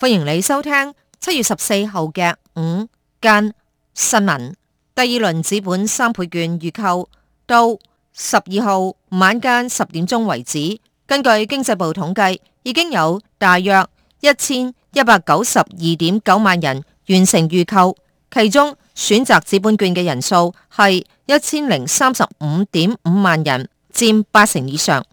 歡迎你收聽七月十四號嘅午間新聞，第二輪紙本三倍券預購到十二號晚間十點鐘為止。根據經濟部統計，已經有大約一千一百九十二點九萬人完成預購，其中選擇紙本券嘅人數係一千零三十五點五萬人，占八成以上。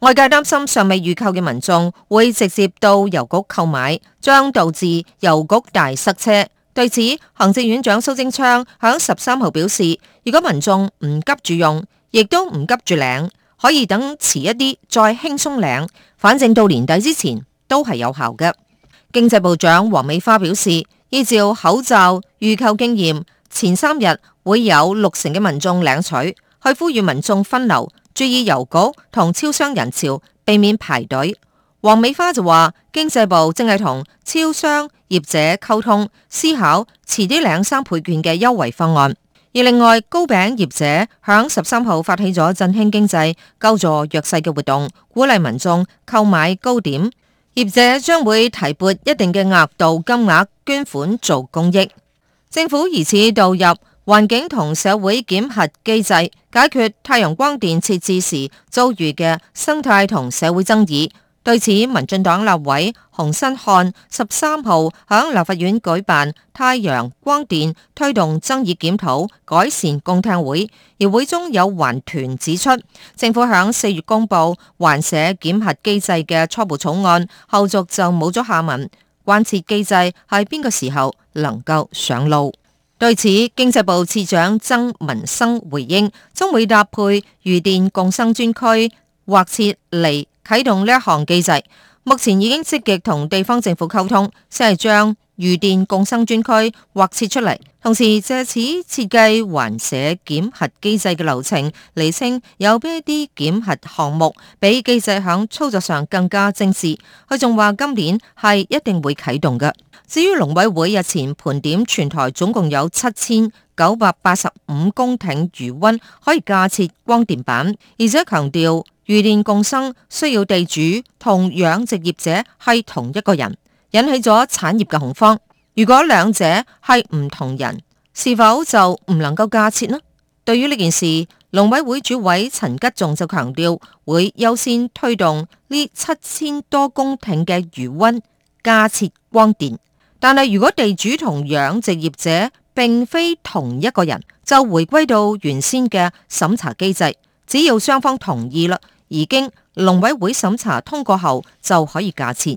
外界擔心尚未預購嘅民眾會直接到郵局購買，將導致郵局大塞車。對此，行政院長蘇貞昌響十三號表示：如果民眾唔急住用，亦都唔急住領，可以等遲一啲再輕鬆領，反正到年底之前都係有效嘅。經濟部長王美花表示，依照口罩預購經驗，前三日會有六成嘅民眾領取，去呼籲民眾分流。注意郵局同超商人潮，避免排隊。王美花就話：經濟部正係同超商業者溝通，思考遲啲領三倍券嘅優惠方案。而另外，糕餅業者響十三號發起咗振興經濟、救助弱勢嘅活動，鼓勵民眾購買糕點。業者將會提撥一定嘅額度金額捐款做公益。政府疑似導入。環境同社會檢核機制解決太陽光電設置時遭遇嘅生態同社會爭議。對此，民進黨立委洪新漢十三號響立法院舉辦太陽光電推動爭議檢討改善公聽會，而會中有環團指出，政府響四月公布環社檢核機制嘅初步草案，後續就冇咗下文。關切機制係邊個時候能夠上路？對此，經濟部次長曾文生回應，將會搭配漁電共生專區，劃設嚟啟動呢一項機制。目前已經積極同地方政府溝通，先係將，漁電共生專區劃設出嚟，同時借此設計環社檢核機制嘅流程，釐清有邊一啲檢核項目比機制響操作上更加精緻。佢仲話今年係一定會啟動嘅。至於農委會日前盤點全台總共有七千九百八十五公頃漁溫可以架設光電板，而且強調漁電共生需要地主同養殖業者係同一個人，引起咗產業嘅恐慌。如果兩者係唔同人，是否就唔能夠架設呢？對於呢件事，農委會主委陳吉仲就強調，會優先推動呢七千多公頃嘅魚塭架設光電。但係如果地主同養殖業者並非同一個人，就回歸到原先嘅審查機制。只要雙方同意啦，已經農委會審查通過後就可以架設。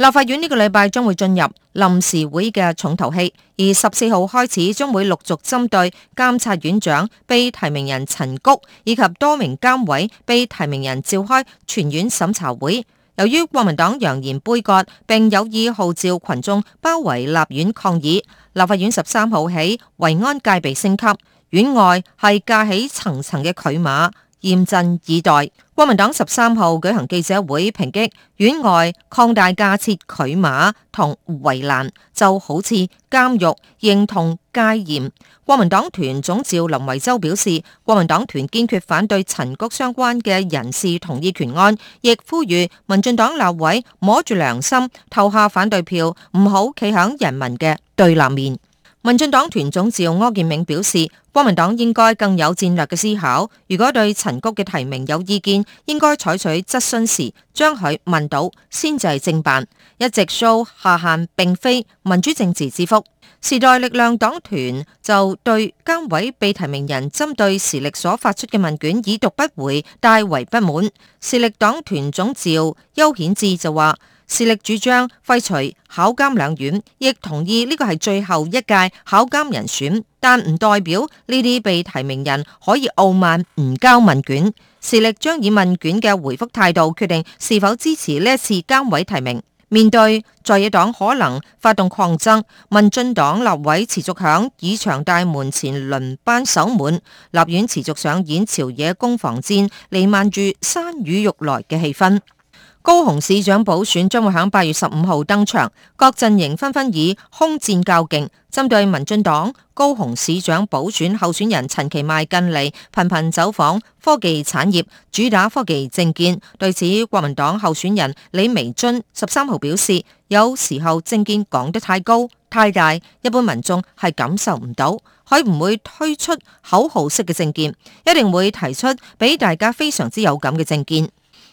立法院呢個禮拜將會進入臨時會嘅重頭戲，而十四號開始將會陸續針對監察院長被提名人陳菊以及多名監委被提名人召開全院審查會。由於國民黨揚言杯葛，並有意號召群眾包圍立院抗議，立法院十三號起維安戒備升級，院外係架起層層嘅拒馬。嚴陣以待。國民黨十三號舉行記者會擊，抨擊院外擴大架設拒馬同圍欄，就好似監獄，認同戒嚴。國民黨團總召林維洲表示，國民黨團堅決反對陳菊相關嘅人事同意權案，亦呼籲民進黨立委摸住良心投下反對票，唔好企喺人民嘅對立面。民進黨團總召柯建銘表示，國民黨應該更有戰略嘅思考。如果對陳菊嘅提名有意見，應該採取質詢時將佢問到，先至係正辦。一直秀下限，並非民主政治之福。時代力量黨團就對監委被提名人針對時力所發出嘅問卷已讀不回，大為不滿。時力黨團總召邱顯智就話。勢力主張廢除考監兩院，亦同意呢個係最後一屆考監人選，但唔代表呢啲被提名人可以傲慢唔交問卷。時力將以問卷嘅回覆態度決定是否支持呢次監委提名。面對在野黨可能發動抗爭，民進黨立委持續響議場大門前輪班守門，立院持續上演朝野攻防戰，彌漫住山雨欲來嘅氣氛。高雄市長補選將會喺八月十五號登場，各陣營紛紛以空戰較勁。針對民進黨高雄市長補選候選人陳其邁近嚟頻頻走訪科技產業，主打科技政見。對此，國民黨候選人李眉蓁十三號表示，有時候政見講得太高太大，一般民眾係感受唔到。佢唔會推出口號式嘅政見，一定會提出俾大家非常之有感嘅政見。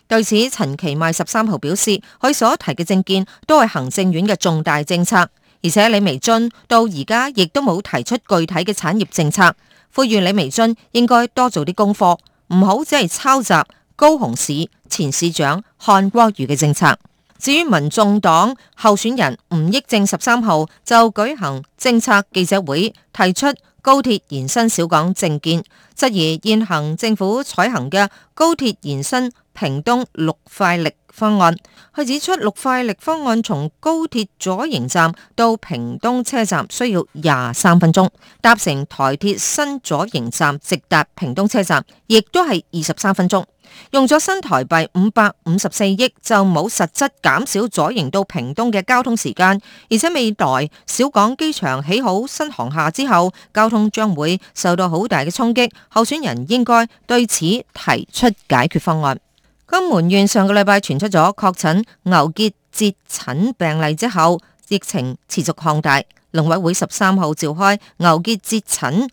對此，陳其邁十三號表示，佢所提嘅政見都係行政院嘅重大政策，而且李眉蓁到而家亦都冇提出具體嘅產業政策，呼籲李眉蓁應該多做啲功課，唔好只係抄襲高雄市前市長韓國瑜嘅政策。至於民眾黨候選人吳益政十三號就舉行政策記者會，提出高鐵延伸小港政見，質疑現行政府採行嘅高鐵延伸屏東六塊力方案，佢指出六塊力方案從高鐵左營站到屏東車站需要廿三分鐘，搭乘台鐵新左營站直達屏東車站，亦都係二十三分鐘，用咗新台幣五百五十四億，就冇實質減少左營到屏東嘅交通時間。而且未來小港機場起好新航廈之後，交通將會受到好大嘅衝擊。候選人應該對此提出解決方案。金門縣上個禮拜傳出咗確診牛結節疹病例之後，疫情持續擴大。農委會十三號召開牛結節疹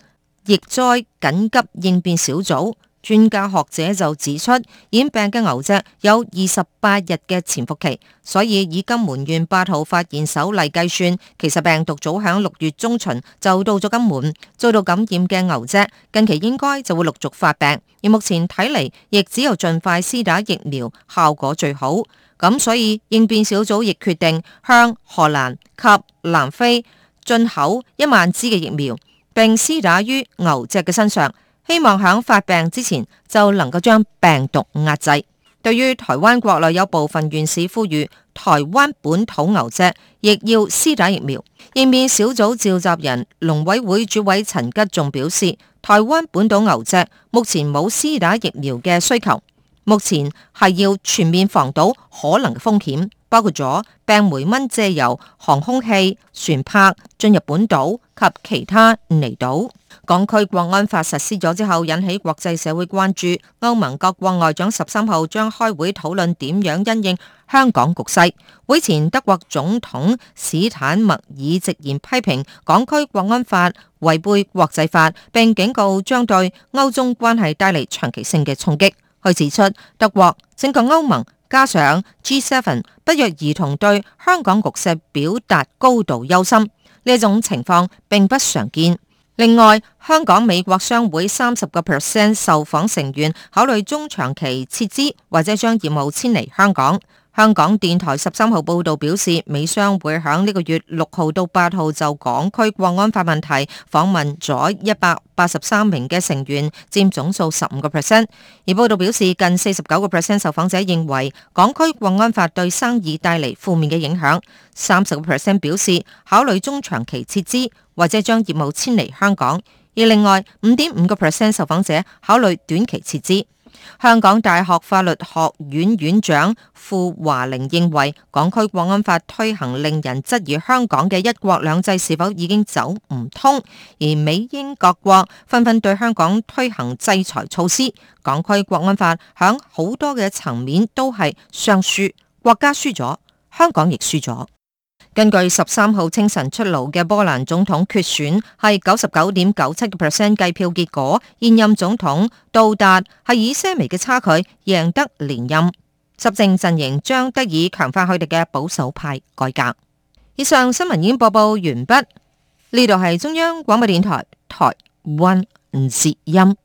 疫災緊急應變小組。專家學者就指出，染病嘅牛隻有二十八日嘅潛伏期，所以以金門縣八號發現首例計算，其實病毒早響六月中旬就到咗金門，遭到感染嘅牛隻，近期應該就會陸續發病。而目前睇嚟，亦只有盡快施打疫苗效果最好。咁所以應變小組亦決定向荷蘭及南非進口一萬支嘅疫苗，並施打於牛隻嘅身上。希望喺發病之前就能夠將病毒壓制。對於台灣國內有部分院士呼籲台灣本土牛隻亦要施打疫苗，應變小組召集人農委會主委陳吉仲表示，台灣本土牛隻目前冇施打疫苗嘅需求，目前係要全面防堵可能嘅風險，包括咗病媒蚊借由航空器、船舶進入本島。及其他離島，港區國安法實施咗之後，引起國際社會關注。歐盟各國外長十三號將開會討論點樣因應香港局勢。會前，德國總統史坦麥爾直言批評港區國安法違背國際法，並警告將對歐中關係帶嚟長期性嘅衝擊。佢指出，德國整個歐盟加上 G7 不約而同對香港局勢表達高度憂心。呢一種情況並不常見。另外，香港美國商會三十個 percent 受訪成員考慮中長期撤資或者將業務遷離香港。香港電台十三號報道表示，美商會喺呢個月六號到八號就港區國安法問題訪問咗一百八十三名嘅成員，佔總數十五個 percent。而報道表示，近四十九個 percent 受訪者認為港區國安法對生意帶嚟負面嘅影響，三十個 percent 表示考慮中長期撤資或者將業務遷離香港，而另外五點五個 percent 受訪者考慮短期撤資。香港大學法律學院院長傅華玲認為，港區國安法推行令人質疑香港嘅一國兩制是否已經走唔通，而美英各國紛紛對香港推行制裁措施，港區國安法響好多嘅層面都係雙輸，國家輸咗，香港亦輸咗。根據十三號清晨出爐嘅波蘭總統決選，係九十九點九七個 percent 計票結果，現任總統杜達係以些微嘅差距贏得連任，執政陣營將得以強化佢哋嘅保守派改革。以上新聞已經播報完畢，呢度係中央廣播電台台灣之音。